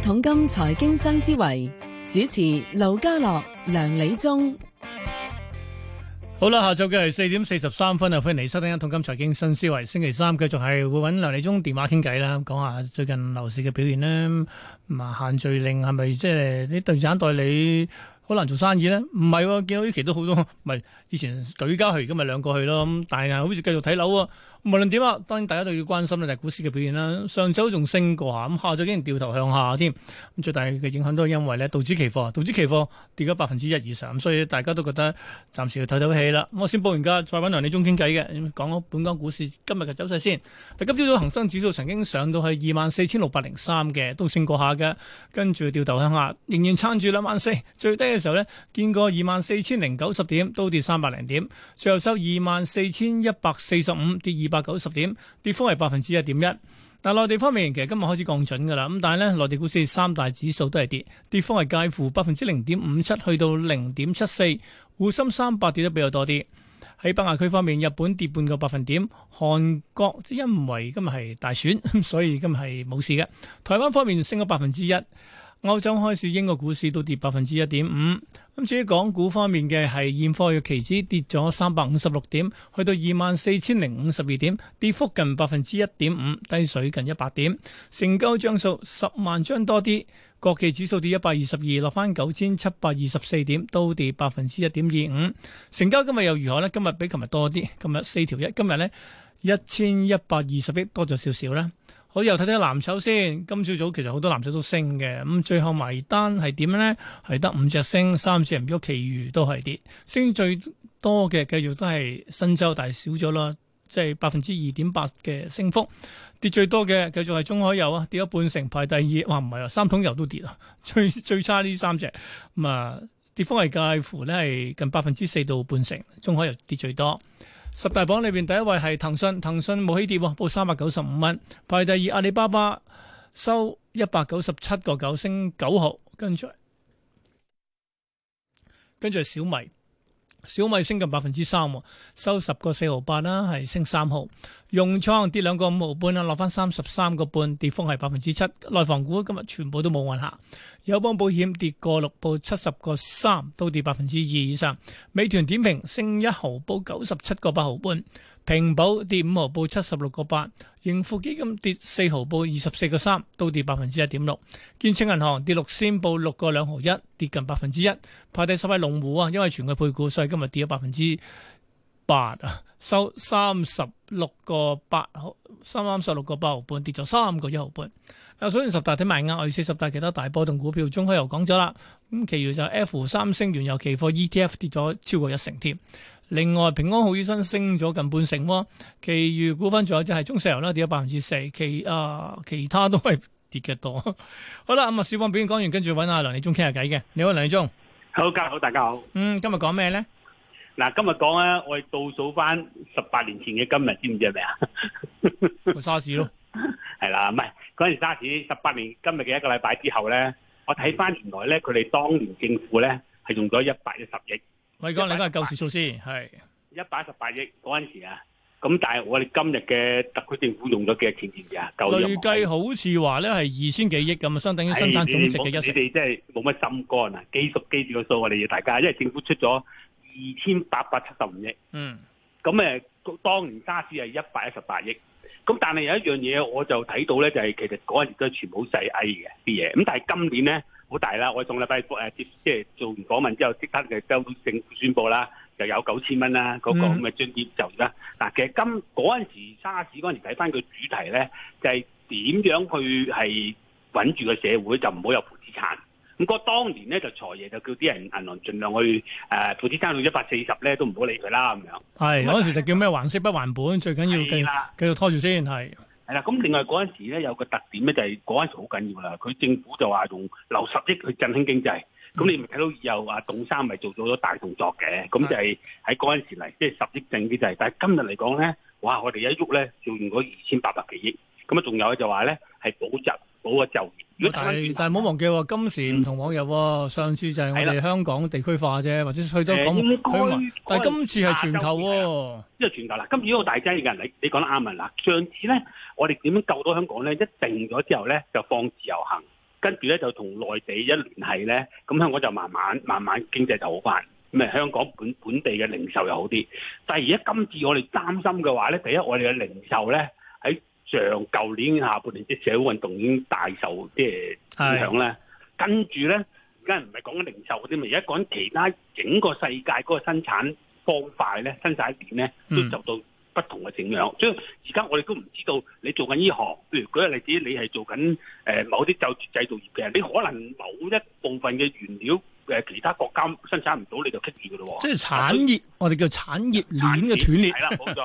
統金財經新思維，主持劉家樂、梁理中，好啦，下晝嘅係四點四十三分啊，歡迎你收聽《統金財經新思維》。星期三繼續係會揾梁理中電話傾偈啦，講下最近樓市嘅表現啦。啊限聚令係咪即係啲地產代理好難做生意呢？唔係，啊，見到呢期都好多，唔係以前舉家去，而家咪兩個去咯。咁但係好似繼續睇樓啊。無論點啊，當然大家都要關心咧，就係股市嘅表現啦。上周仲升過下，咁下周竟然掉頭向下添。咁最大嘅影響都係因為呢道指期貨，道指期貨跌咗百分之一以上，所以大家都覺得暫時要透透氣啦。我先報完價，再搵梁理中傾偈嘅，講講本港股市今日嘅走勢先。今朝早恒生指數曾經上到去二萬四千六百零三嘅，都升過下嘅，跟住掉頭向下，仍然撐住兩萬四，最低嘅時候呢，見過二萬四千零九十點，都跌三百零點，最後收二萬四千一百四十五，跌二。百九十點，跌幅係百分之一點一。但係內地方面，其實今日開始降準㗎喇，咁但係咧，內地股市三大指數都係跌，跌幅係介乎百分之零點五七去到零點七四。滬深三百跌得比較多啲。喺北亞區方面，日本跌半個百分點，韓國因為今日係大選，所以今日係冇事嘅。台灣方面升咗百分之一。歐洲開始，英國股市都跌百分之一點五。咁至於港股方面嘅係現貨嘅期指跌咗三百五十六點，去到二萬四千零五十二點，跌幅近百分之一點五，低水近一百點。成交張數十萬張多啲。國企指數跌一百二十二，落翻九千七百二十四點，都跌百分之一點二五。成交今日又如何呢？今日比琴日多啲，今日四條一，今日呢一千一百二十億多咗少少啦。好，又睇睇藍籌先。今朝早其實好多藍籌都升嘅，咁最後埋單係點樣咧？係得五隻升，三隻唔喐，其餘都係跌。升最多嘅繼續都係新洲，大少咗啦，即係百分之二點八嘅升幅。跌最多嘅繼續係中海油啊，跌咗半成，排第二。哇，唔係啊，三桶油都跌啊，最最差呢三隻咁啊，跌幅係介乎咧係近百分之四到半成，中海油跌最多。十大榜裏邊，第一位係騰訊，騰訊冇起跌喎，報三百九十五蚊。排第二阿里巴巴收 9, 9，收一百九十七個九，升九毫，跟住跟住係小米，小米升近百分之三喎，收十個四毫八啦，係升三毫。融創跌兩個五毫半啊，落翻三十三個半，跌幅係百分之七。內房股今日全部都冇按下，友邦保險跌過六報七十個三，都跌百分之二以上。美團點評升一毫報九十七個八毫半，平保跌五毫報七十六個八，盈富基金跌四毫報二十四個三，都跌百分之一點六。建設銀行跌六仙報六個兩毫一，跌近百分之一。排第十位龍湖啊，因為全係配股，所以今日跌咗百分之。八啊，收三十六個八毫，三三十六個八毫半，跌咗三個一毫半。啊，所以十大睇埋啱，我哋四十大其他大波動股票，中海又講咗啦。咁其餘就 F 三星原油期貨 ETF 跌咗超過一成添。另外平安好醫生升咗近半成，其餘股份仲有就係中石油啦，跌咗百分之四。其啊，其他都係跌嘅多。好啦，咁啊，市況表現講完，跟住搵阿梁理中傾下偈嘅。你好，梁理中。好，家好，大家好。嗯，今日講咩咧？嗱，今日講咧，我哋倒數翻十八年前嘅今日，知唔知係咪？啊？ 沙士咯，係啦， 唔係嗰陣時沙士。十八年今日嘅一個禮拜之後咧，我睇翻原來咧，佢哋當年政府咧係用咗一百一十億。偉哥，你都係舊時數先，係一百一十八億嗰陣是時啊。咁但係我哋今日嘅特區政府用咗幾多錢件事啊？預計好似話咧係二千幾億咁啊，相等於生產總值嘅一、哎。你哋真係冇乜心肝啊！記熟記住個數，我哋要大家，因為政府出咗。二千八百七十五億，嗯，咁誒，當年沙士係一百一十八億，咁但係有一樣嘢，我就睇到咧，就係、是、其實嗰陣都係全部好細 I 嘅啲嘢，咁但係今年咧好大啦，我上禮拜誒接即係做完訪問之後，即刻就收到政府宣佈啦，就有九千蚊啦，嗰、那個咁嘅津貼就啦。嗱、嗯，其實今嗰陣時沙士嗰陣時睇翻個主題咧，就係、是、點樣去係穩住個社會，就唔好有負資產。咁個當年咧就財爺就叫啲人銀行儘量去誒負、呃、資差到一百四十咧都唔好理佢啦咁樣。係嗰陣時就叫咩還息不還本，最緊要繼續、繼續拖住先。係係啦，咁另外嗰陣時咧有個特點咧就係嗰陣時好緊要啦，佢政府就話用留十億去振興經濟。咁、嗯、你咪睇到以後阿董生咪做咗大動作嘅，咁就係喺嗰陣時嚟即係十億整啲就係，但係今日嚟講咧，哇！我哋一喐咧就用咗二千八百幾億。咁啊，仲有就話咧係補習補個就業。如果但係但係唔好忘記喎，今時唔同往日喎、啊。嗯、上次就係我哋香港地區化啫，嗯、或者去到咁。該問但係今次係全球、啊，即係全球啦，今次呢個大劑嘅人，你你講得啱啊！嗱，上次咧，我哋點樣救到香港咧？一定咗之後咧，就放自由行，呢，跟住咧就同內地一聯繫咧，咁香港就慢慢慢慢經濟就好翻。咁啊，香港本本地嘅零售又好啲。但係而家今次我哋擔心嘅話咧，第一我哋嘅零售咧喺。上舊年下半年啲社會運動已經大受即係影響咧，的跟住咧而家唔係講緊零售嗰啲，而家講其他整個世界嗰個生產方塊咧生產點咧，都受到不同嘅影響。嗯、所以而家我哋都唔知道你做緊呢行，譬如舉個例子，你係做緊誒、呃、某啲就業製造業嘅，你可能某一部分嘅原料誒、呃、其他國家生產唔到，你就棘住㗎咯喎。即係產業，以我哋叫產業鏈嘅斷裂。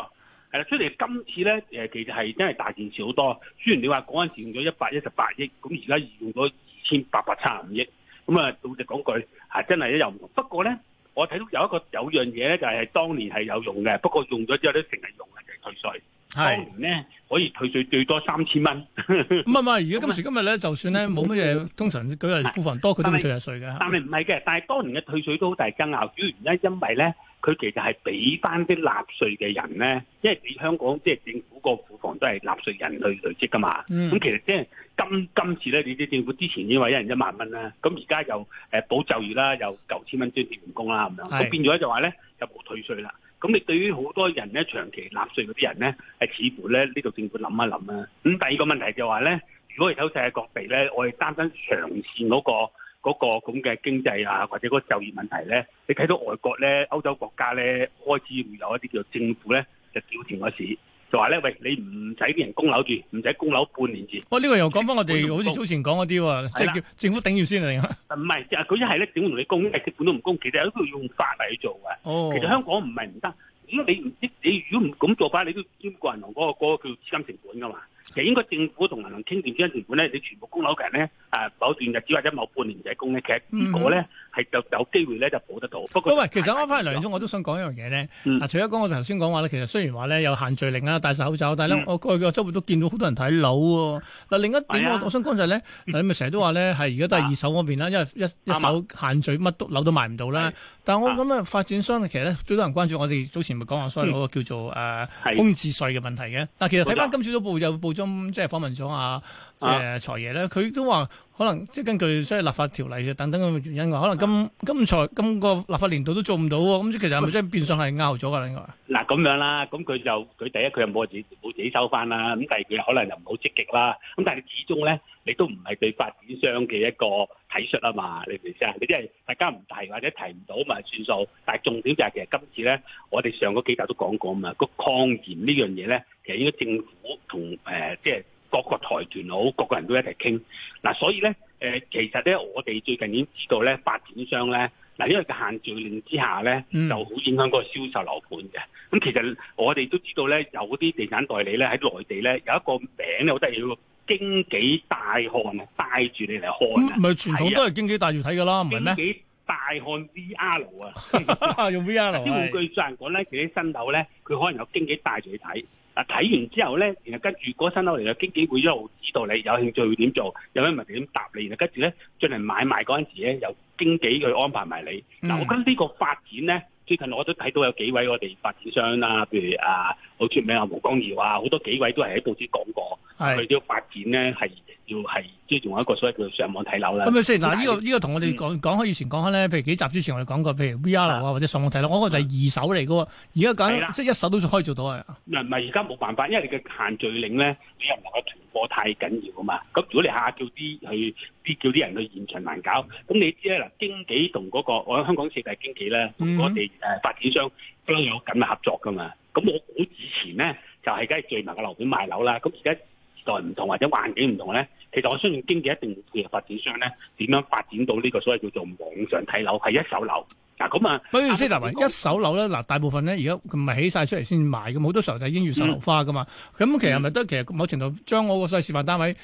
誒出嚟今次咧其實係真係大件事好多。雖然你話嗰陣時用咗一百一十八億，咁而家用咗二千八百七十五億。咁、嗯、啊，老實講句，真係一又唔。不過咧，我睇到有一個有樣嘢咧，就係、是、當年係有用嘅，不過用咗之後咧，成日用嘅就係、退稅。係當年咧可以退稅最多三千蚊。唔係唔係，而今時今日咧，就算咧冇乜嘢， 通常舉例庫房多會，佢都退下稅㗎。但係唔係嘅，但係當年嘅退稅都好大爭拗，主要原因，因為咧。佢其實係俾翻啲納稅嘅人咧，因為你香港即係政府個庫房都係納稅人去累積㗎嘛。咁、嗯、其實即係今今次咧，你啲政府之前已經話一人一萬蚊啦，咁而家又誒保、呃、就業啦，又九千蚊專職員工啦，咁樣，咁是變咗就話咧就冇退稅啦。咁你對於好多人咧長期納稅嗰啲人咧，係似乎咧呢度、這個、政府諗一諗啦、啊。咁第二個問題就話咧，如果係走世界各地咧，我哋擔心長線嗰個。嗰個咁嘅經濟啊，或者嗰個就業問題咧，你睇到外國咧，歐洲國家咧開始會有一啲叫做政府咧就調錢個市，就話咧喂，你唔使畀人供樓住，唔使供樓半年住。哦，呢、呢個又講翻我哋好似早前講嗰啲喎，即係叫政府頂住先嚟啊！唔係，佢一係咧政府同你供，第二基本都唔供，其實都要用法嚟做嘅。哦，其實香港唔係唔得，如果你唔知你如果唔咁做法，你都兼過銀行嗰、嗰個嗰個叫資金成本噶嘛。其實應該政府同銀行傾掂之間存款咧，你全部供樓嘅人咧，啊、呃、某段日子或者某半年仔供咧，其實呢個咧係就有機會咧就補得到。不喂，其實啱翻翻嚟梁理中，我都想講一樣嘢咧。嗱、嗯，除咗講我頭先講話咧，其實說雖然話咧有限聚令啦，戴晒口罩，但咧、嗯、我個個周末都見到好多人睇樓喎。嗱，另一點我想講就係、是、咧，啊、你咪成日都話咧，係而家都係二手嗰邊啦，因為一一,一手限聚乜都嗎樓都賣唔到啦。是但係我咁啊發展商其實咧最多人關注，我哋早前咪講話所謂嗰個叫做誒、呃、的空置稅嘅問題嘅。嗱，其實睇翻今次都報有報。中即係訪問咗啊，即係財爺咧，佢都話。可能即係根據所以立法條例等等嘅原因，可能今今財今個立法年度都做唔到。咁其實係咪真係變相係拗咗噶啦？應該嗱咁樣啦，咁佢就佢第一佢又冇自己冇自己收翻啦。咁第二佢可能又唔好積極啦。咁但係始終咧，你都唔係對發展商嘅一個體恤啊嘛？你明唔明先？你即係大家唔提或者提唔到咪算數？但係重點就係其實今次咧，我哋上個幾集都講過啊嘛。個抗嚴呢樣嘢咧，其實應該政府同誒、呃、即係。各個台團好，各個人都一齊傾嗱，所以咧誒，其實咧我哋最近已經知道咧，發展商咧嗱，因為限聚令之下咧，嗯、就好影響嗰個銷售樓盤嘅。咁、啊、其實我哋都知道咧，有啲地產代理咧喺內地咧有一個名咧，好得意，叫做經紀大漢帶住你嚟看，唔係傳統都係經紀帶住睇㗎啦，唔係咩？經紀大漢 V R 啊， 用 V R 是。根據撰人講咧，其實啲新樓咧，佢可能有經紀帶住去睇。嗱睇完之後咧，然後跟住嗰新樓嚟嘅經紀會一路指導你，有興趣會點做，有咩問題點答你，然後跟住咧進行買賣嗰陣時咧，由經紀去安排埋你。嗱、嗯，跟呢個發展咧，最近我都睇到有幾位我哋發展商啦、啊，譬如啊好出名啊毛光耀啊，好多幾位都係喺報紙講過佢啲是發展咧係。要係即係仲有一個所謂叫上網睇樓啦。咁咪先嗱，呢個呢個同我哋講講開以前講開咧，譬如幾集之前我哋講過，譬如 V R 啊，或者上網睇樓，嗰個就係二手嚟噶喎。而家講即係一手都可以做到啊。嗱，唔係而家冇辦法，因為你嘅限聚令咧，你又唔能夠囤貨太緊要啊嘛。咁如果你下叫啲去必叫啲人去現場難搞，咁你知咧嗱，經紀同嗰個我喺香港四大經紀咧，同我哋誒發展商都有緊密合作噶嘛。咁我估以前咧就係梗係聚埋個樓盤賣樓啦。咁而家代唔同或者環境唔同咧，其實我相信經濟一定會配合發展商咧，點樣發展到呢個所謂叫做網上睇樓係一手樓嗱咁啊？不、啊、是如先嗱，一手樓咧嗱，大部分咧而家唔係起晒出嚟先買嘅，好多時候就已經預售樓花噶嘛。咁、嗯、其實係咪都其實某程度將我個所謂示範單位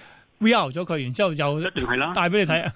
VR 咗佢，然之後又給你看一定係啦，帶俾你睇啊！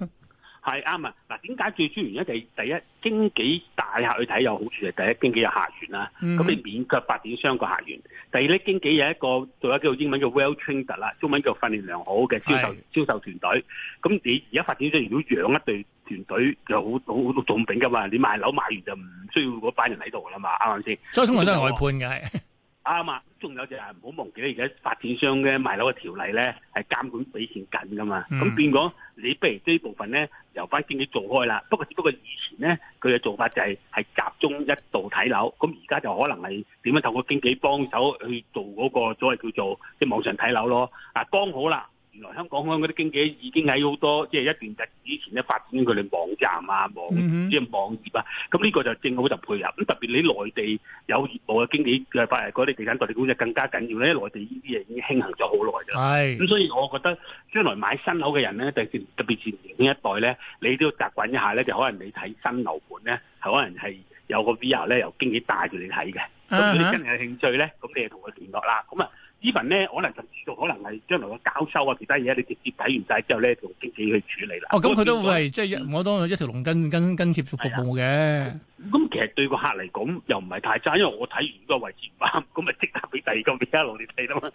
係啱啊！嗱，點解最主要原因就係，第一經紀帶客去睇有好處嘅，第一經紀有客源啦，咁你免卻發展商個客源。第二呢，呢經紀有一個做一叫英文叫 well trained 啦，tra ined，中文叫訓練良好嘅銷售的銷售團隊。咁你而家發展商如果養一隊團隊就好好多重兵噶嘛，你賣樓賣完就唔需要嗰班人喺度啦嘛，啱唔啱先？所以通常都係外判嘅。 啱啊！仲、嗯、有就係唔好忘記而家發展商嘅賣樓嘅條例咧，係監管比以前緊㗎嘛。咁變講，你不如呢部分咧，由返經紀做開啦。不過只不過以前咧，佢嘅做法就係、是、係集中一度睇樓。咁而家就可能係點樣透過經紀幫手去做嗰、那個所謂叫做即係網上睇樓咯。啊，剛好啦。原來香港嗰啲經紀已經喺好多，即、就、係、是、一段日以前咧發展佢哋網站啊、網即係網頁啊。咁呢個就正好就配合。咁特別你內地有業務嘅經紀嘅發嚟嗰啲地產代理公司更加緊要咧。內地呢啲嘢已經興行咗好耐㗎啦。係、mm。咁、hmm. 所以我覺得將來買新樓嘅人咧，特別特別是年輕一代咧，你都要習慣一下咧，就可能你睇新樓盤咧，係可能係有個 VR 咧，由經紀帶住你睇嘅。咁、uh huh. 你真係有興趣咧，咁你就同佢聯絡啦。咁啊。依份咧，可能就至到可能係將來嘅交收啊，其他嘢你直接睇完晒之後咧，就經紀去處理啦。哦，咁佢都會即係、嗯、我當一條龍跟跟跟貼嘅服務嘅。咁其實對個客嚟講又唔係太差，因為我睇完個位置唔啱，咁咪即刻俾 第，第二個俾一路你睇啦嘛，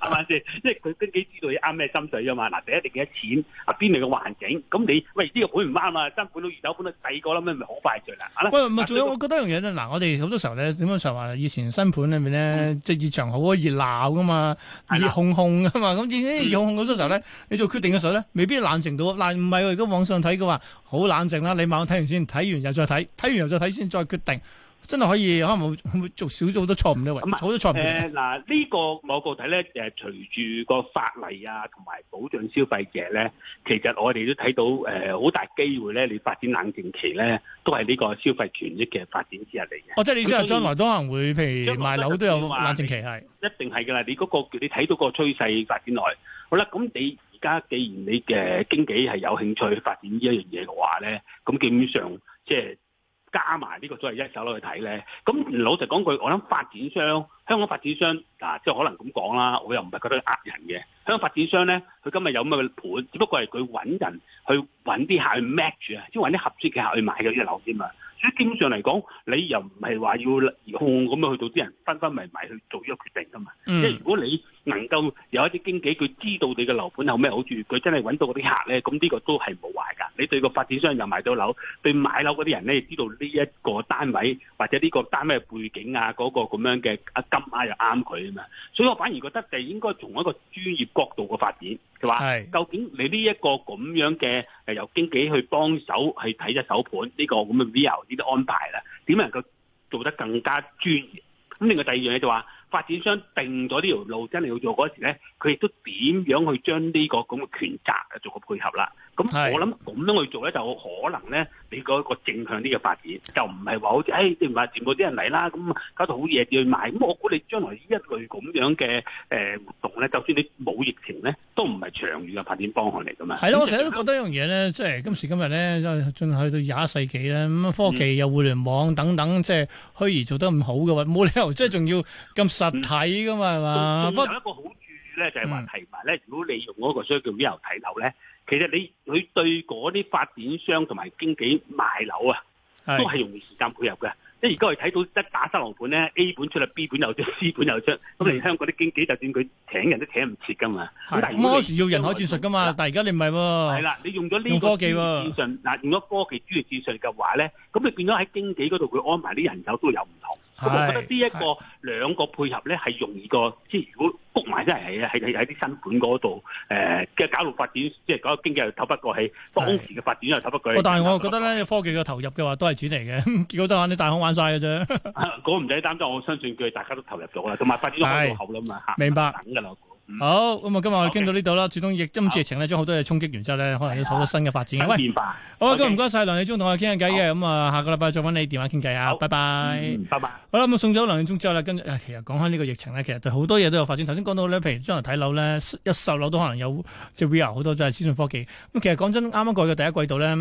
係咪先？即係佢都幾知道你啱咩心水啊嘛。嗱，第一定幾多錢，啊邊面嘅環境，咁你喂呢個盤唔啱啊，新盤到二手盤到第二個啦，咁咪好快聚啦。喂，唔係，仲有我覺得一樣嘢呢，嗱，我哋好多時候咧，點講就話以前新盤裏面呢，即係、嗯、熱場好熱鬧噶嘛，熱烘烘噶嘛，咁已經熱烘烘嗰時候呢，嗯、你做決定嘅時候呢，未必冷靜到。嗱，唔係，如果網上睇嘅話，好冷靜啦。你慢睇完先，睇完又再睇，睇完又再睇。你先再決定，真係可以可能會做少咗好多錯誤咧。咁做咗錯誤誒嗱，呃呃這個、某個呢個我個睇咧誒，隨住個法例啊，同埋保障消費者咧，其實我哋都睇到誒好、呃、大機會咧。你發展冷靜期咧，都係呢個消費權益嘅發展之下嚟嘅。哦，即係你意思係將來都可能會譬如為賣樓都有冷靜期係，一定係㗎喇。你嗰、那個你睇到個趨勢發展內，好啦。咁你而家既然你嘅經紀係有興趣發展呢一樣嘢嘅話咧，咁基本上即係。加埋呢個都係一手攞去睇咧，咁老實講句，我諗發展商香港發展商啊，即可能咁講啦，我又唔係覺得呃人嘅。香港發展商咧，佢今日有咩盤，只不過係佢揾人去揾啲客去 match 啊，即係揾啲合適嘅客去買呢啲樓添嘛。所以基本上嚟講，你又唔係話要控咁樣去到啲人分分迷迷去做呢個決定噶嘛，即如果你。能夠有一啲經紀，佢知道你嘅樓盤有咩好處，佢真係揾到嗰啲客咧，咁呢個都係冇壞噶。你對個發展商又賣到樓，對買樓嗰啲人咧知道呢一個單位或者呢個單位背景啊，嗰、那個咁樣嘅啊金額、啊、又啱佢啊嘛。所以我反而覺得就應該從一個專業角度嘅發展，係、就、嘛、是？究竟你呢一個咁樣嘅誒，由經紀去幫手去睇一手盤，呢、這個咁嘅 VR 呢啲安排啦，點能夠做得更加專業？咁另外第二樣嘢就話、是。發展商定咗呢條路真係要做嗰時咧，佢亦都點樣去將呢個咁嘅權責啊做個配合啦。咁我諗咁樣去做咧，就可能咧，你嗰個正向啲嘅發展，就唔係話好似誒你話全部啲人嚟啦，咁搞到好嘢要賣。咁我估你將來呢一類咁樣嘅誒活動咧，就算你冇疫情咧，都唔係長遠嘅發展方向嚟㗎嘛。係咯的，嗯、我成日都覺得一樣嘢咧，即係今時今日咧，進去到廿一世紀咧，咁科技又互、嗯、聯網等等，即係虛擬做得咁好嘅話，冇理由即係仲要咁。嗯、實體噶嘛，係嘛、嗯？不過一個好處咧，就係話提埋咧。如果你用嗰、那個所謂叫旅遊睇樓咧，其實你佢對嗰啲發展商同埋經紀賣樓啊，都係用時間配合嘅。即係而家我睇到一打新樓盤咧，A 本出嚟 B 本又出，C 本又出，咁你、嗯、香港啲經紀就算佢請人都請唔切噶嘛。咁當是時要人海戰術噶嘛，但係而家你唔係喎。係啦，你用咗呢科技資訊嗱，用咗科技專業資訊嘅話咧，咁你變咗喺經紀嗰度，佢安排啲人手都有唔同。咁我覺得呢一個兩個配合咧，係容易過，即係如果焗埋真係喺喺喺啲新盤嗰度誒嘅搞到發展，即係嗰個經濟又透不過氣，當時嘅發展又透不過氣。是但係我覺得咧，科技嘅投入嘅話都係錢嚟嘅，結果都話你大行玩晒嘅啫。嗰是 個唔使擔心，我相信佢大家都投入咗啦，同埋發展都好到口啦嘛嚇。明白是。走嗯、好，咁啊，今日我哋傾到呢度啦。始終疫今疫情咧，將好多嘢衝擊完之後咧，可能有好多新嘅發展、嗯、喂，好啊 okay, okay,、哦，唔該晒梁理中同我傾下偈嘅，咁啊 okay,、嗯，下個禮拜再揾你電話傾偈啊，拜拜，拜拜。好啦，咁送走梁理中之後咧，跟住、啊、其實講開呢個疫情咧，其實對好多嘢都有發展。頭先講到咧，譬如將來睇樓咧，一售樓都可能有即係 V R 好多，即、就、係、是、資訊科技。咁其實講真，啱啱過去嘅第一季度咧。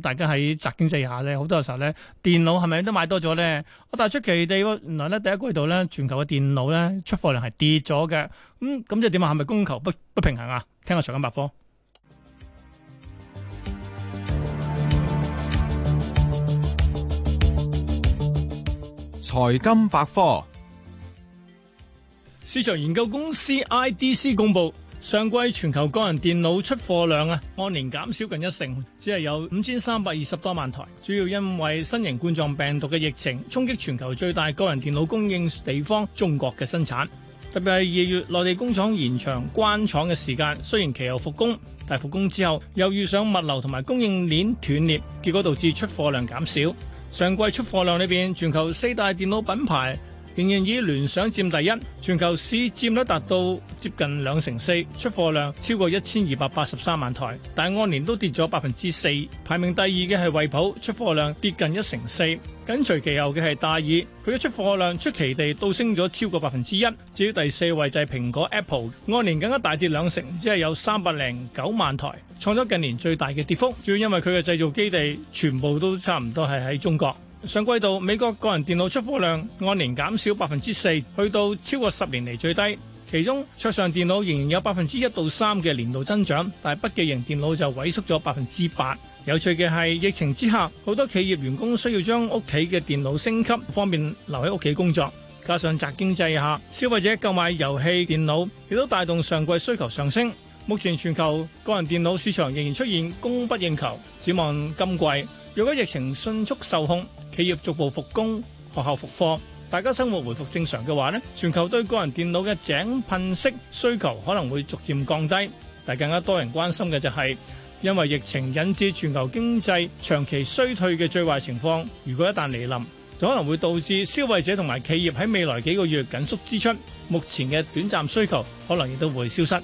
大家喺宅經濟下咧，好多時候咧，電腦係咪都買多咗咧？我但係出奇地，原來咧，第一季度咧，全球嘅電腦咧出貨量係跌咗嘅。咁咁即係點啊？係咪供求不不平衡啊？聽下財金百科，財金百科，市場研究公司 IDC 公佈。上季全球個人電腦出貨量啊，按年減少近一成，只係有五千三百二十多萬台。主要因為新型冠狀病毒嘅疫情，衝擊全球最大個人電腦供應地方中國嘅生產。特別係二月，內地工廠延長關廠嘅時間，雖然其後復工，但係復工之後又遇上物流同埋供應鏈斷裂，結果導致出貨量減少。上季出貨量裏面，全球四大電腦品牌，仍然以聯想佔第一，全球市佔率達到接近兩成四，出貨量超過一千二百八十三萬台，但按年都跌咗百分之四。排名第二嘅係惠普，出貨量跌近一成四，緊隨其後嘅係戴爾，佢嘅出貨量出奇地倒升咗超過百分之一。至於第四位就係蘋果 Apple，按年更加大跌兩成，只係有三百零九萬台，創咗近年最大嘅跌幅。主要因為佢嘅製造基地全部都差唔多係喺中國。上季度美國個人電腦出貨量按年減少百分之四，去到超過十年嚟最低。其中桌上電腦仍然有百分之一到三嘅年度增長，但係筆記型電腦就萎縮咗百分之八。有趣嘅係疫情之下，好多企業員工需要將屋企嘅電腦升級，方便留喺屋企工作。加上宅經濟下，消費者購買遊戲電腦亦都帶動上季需求上升。目前全球個人電腦市場仍然出現供不應求，指望今季若果疫情迅速受控。企業逐步復工，學校復課。大家生活回復正常嘅話，全球對個人電腦嘅井噴式需求可能會逐漸降低。但更加多人關心嘅就係，因為疫情引致全球經濟長期衰退嘅最壞情況，如果一旦嚟臨，就可能會導致消費者同埋企業喺未來幾個月緊縮支出，目前嘅短暫需求可能亦都會消失。